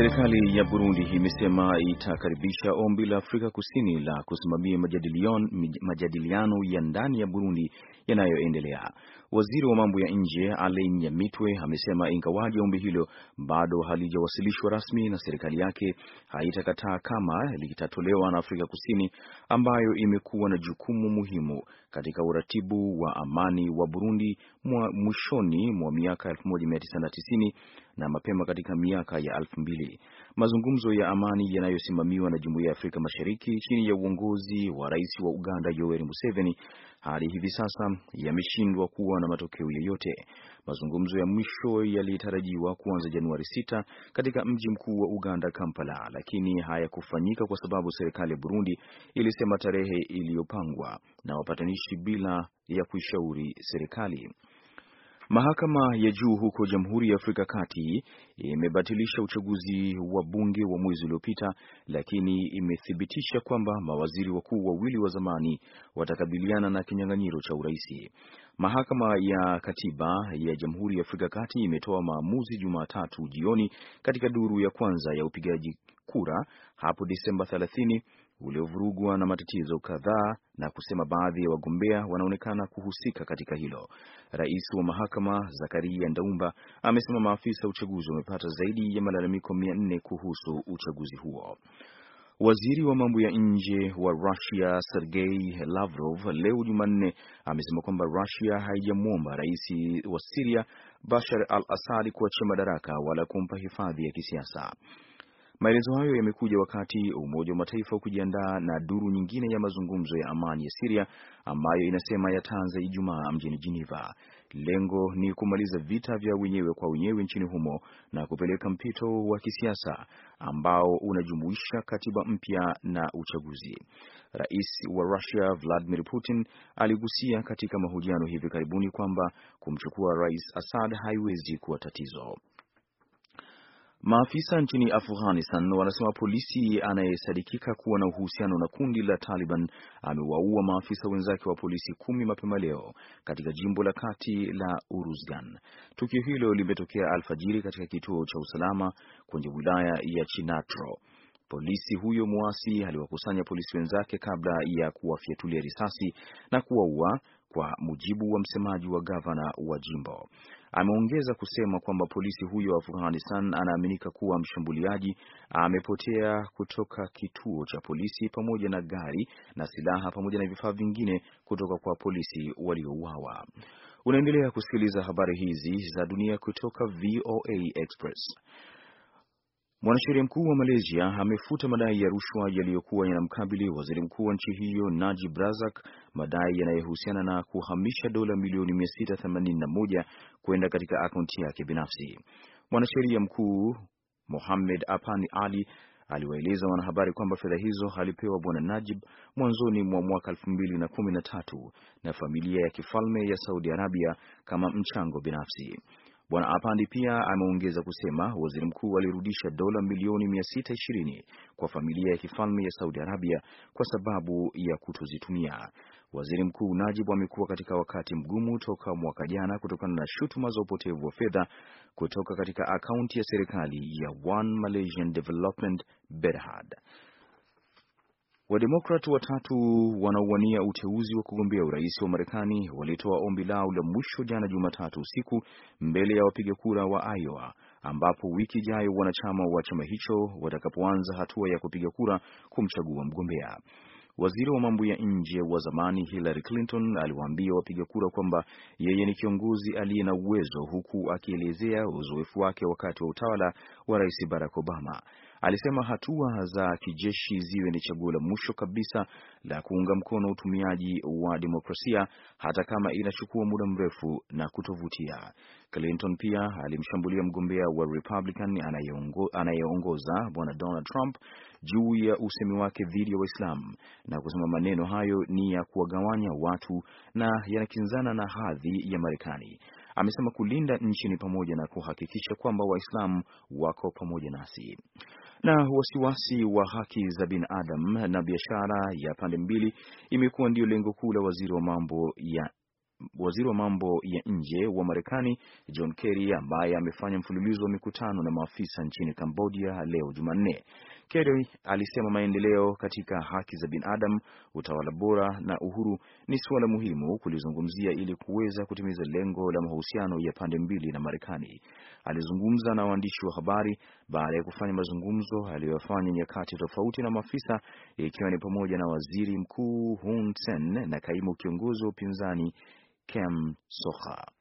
Serikali ya Burundi imesema itakaribisha ombi la Afrika Kusini la kusimamia majadiliano ya ndani ya Burundi yanayoendelea. Waziri wa mambo ya nje Alain Nyamitwe amesema ingawaji ombi hilo bado halijawasilishwa rasmi na serikali yake haitakataa kama litatolewa na Afrika Kusini ambayo imekuwa na jukumu muhimu katika uratibu wa amani wa Burundi mwa mwishoni mwa miaka 1990 na mapema katika miaka ya 2000. Mazungumzo ya amani yanayosimamiwa na Jumuiya ya Afrika Mashariki chini ya uongozi wa Rais wa Uganda Yoweri Museveni hadi hivi sasa yameshindwa kuwa na matokeo yoyote. Mazungumzo ya mwisho yalitarajiwa kuanza Januari 6 katika mji mkuu wa Uganda, Kampala, lakini hayakufanyika kwa sababu serikali ya Burundi ilisema tarehe iliyopangwa na wapatanishi bila ya kuishauri serikali. Mahakama ya juu huko Jamhuri ya Afrika Kati imebatilisha uchaguzi wa bunge wa mwezi uliopita, lakini imethibitisha kwamba mawaziri wakuu wawili wa zamani watakabiliana na kinyang'anyiro cha uraisi. Mahakama ya Katiba ya Jamhuri ya Afrika Kati imetoa maamuzi Jumatatu jioni katika duru ya kwanza ya upigaji kura hapo Disemba 30 uliovurugwa na matatizo kadhaa na kusema baadhi ya wagombea wanaonekana kuhusika katika hilo. Rais wa mahakama Zakaria Ndaumba amesema maafisa uchaguzi wamepata zaidi ya malalamiko mia nne kuhusu uchaguzi huo. Waziri wa mambo ya nje wa Russia Sergei Lavrov leo Jumanne amesema kwamba Russia haijamwomba rais wa Siria Bashar al-Assad kuachia madaraka wala kumpa hifadhi ya kisiasa. Maelezo hayo yamekuja wakati Umoja wa Mataifa ukijiandaa na duru nyingine ya mazungumzo ya amani ya Siria ambayo inasema yataanza Ijumaa mjini Geneva. Lengo ni kumaliza vita vya wenyewe kwa wenyewe nchini humo na kupeleka mpito wa kisiasa ambao unajumuisha katiba mpya na uchaguzi. Rais wa Russia Vladimir Putin aligusia katika mahojiano hivi karibuni kwamba kumchukua Rais Assad haiwezi kuwa tatizo. Maafisa nchini Afghanistan wanasema polisi anayesadikika kuwa na uhusiano na kundi la Taliban amewaua maafisa wenzake wa polisi kumi mapema leo katika jimbo la kati la Uruzgan. Tukio hilo limetokea alfajiri katika kituo cha usalama kwenye wilaya ya Chinatro. Polisi huyo muasi aliwakusanya polisi wenzake kabla ya kuwafyatulia risasi na kuwaua, kwa mujibu wa msemaji wa gavana wa jimbo. Ameongeza kusema kwamba polisi huyo wa Afghanistan anaaminika kuwa mshambuliaji amepotea kutoka kituo cha polisi pamoja na gari na silaha pamoja na vifaa vingine kutoka kwa polisi waliouawa. Unaendelea kusikiliza habari hizi za dunia kutoka VOA Express. Mwanasheria mkuu wa Malaysia amefuta madai ya rushwa yaliyokuwa yanamkabili waziri mkuu wa nchi hiyo Najib Razak, madai yanayohusiana na kuhamisha dola milioni 681 kwenda katika akaunti yake binafsi. Mwanasheria mkuu Mohamed Apani Ali aliwaeleza wanahabari kwamba fedha hizo alipewa bwana Najib mwanzoni mwa mwaka 2013 na familia ya kifalme ya Saudi Arabia kama mchango binafsi. Bwana Apandi pia ameongeza kusema waziri mkuu alirudisha dola milioni 620 kwa familia ya kifalme ya Saudi Arabia kwa sababu ya kutozitumia. Waziri Mkuu Najib amekuwa katika wakati mgumu toka mwaka jana kutokana na shutuma za upotevu wa fedha kutoka katika akaunti ya serikali ya One Malaysian Development Berhad. Wademokrat watatu wanaowania uteuzi wa kugombea urais wa Marekani walitoa ombi lao la mwisho jana Jumatatu usiku mbele ya wapiga kura wa Iowa, ambapo wiki ijayo wanachama wa chama hicho watakapoanza hatua ya kupiga kura kumchagua mgombea. Waziri wa mambo ya nje wa zamani Hillary Clinton aliwaambia wapiga kura kwamba yeye ni kiongozi aliye na uwezo, huku akielezea uzoefu wake wakati wa utawala wa Rais Barack Obama. Alisema hatua za kijeshi ziwe ni chaguo la mwisho kabisa la kuunga mkono utumiaji wa demokrasia hata kama inachukua muda mrefu na kutovutia. Clinton pia alimshambulia mgombea wa Republican anayeongoza Bwana Donald Trump juu ya usemi wake dhidi ya Waislamu na kusema maneno hayo ni ya kuwagawanya watu na yanakinzana na hadhi ya Marekani. Amesema kulinda nchi ni pamoja na kuhakikisha kwamba Waislamu wako pamoja nasi. Na wasiwasi wa haki za binadamu na biashara ya pande mbili imekuwa ndiyo lengo kuu la waziri wa mambo ya waziri wa mambo ya nje wa Marekani John Kerry ambaye amefanya mfululizo wa mikutano na maafisa nchini Cambodia leo Jumanne. Kerry alisema maendeleo katika haki za binadamu, utawala bora na uhuru ni suala muhimu kulizungumzia ili kuweza kutimiza lengo la mahusiano ya pande mbili na Marekani. Alizungumza na waandishi wa habari baada ya kufanya mazungumzo aliyoyafanya nyakati tofauti na maafisa, ikiwa ni pamoja na waziri mkuu Hun Sen na kaimu kiongozi wa upinzani Kem Sokha.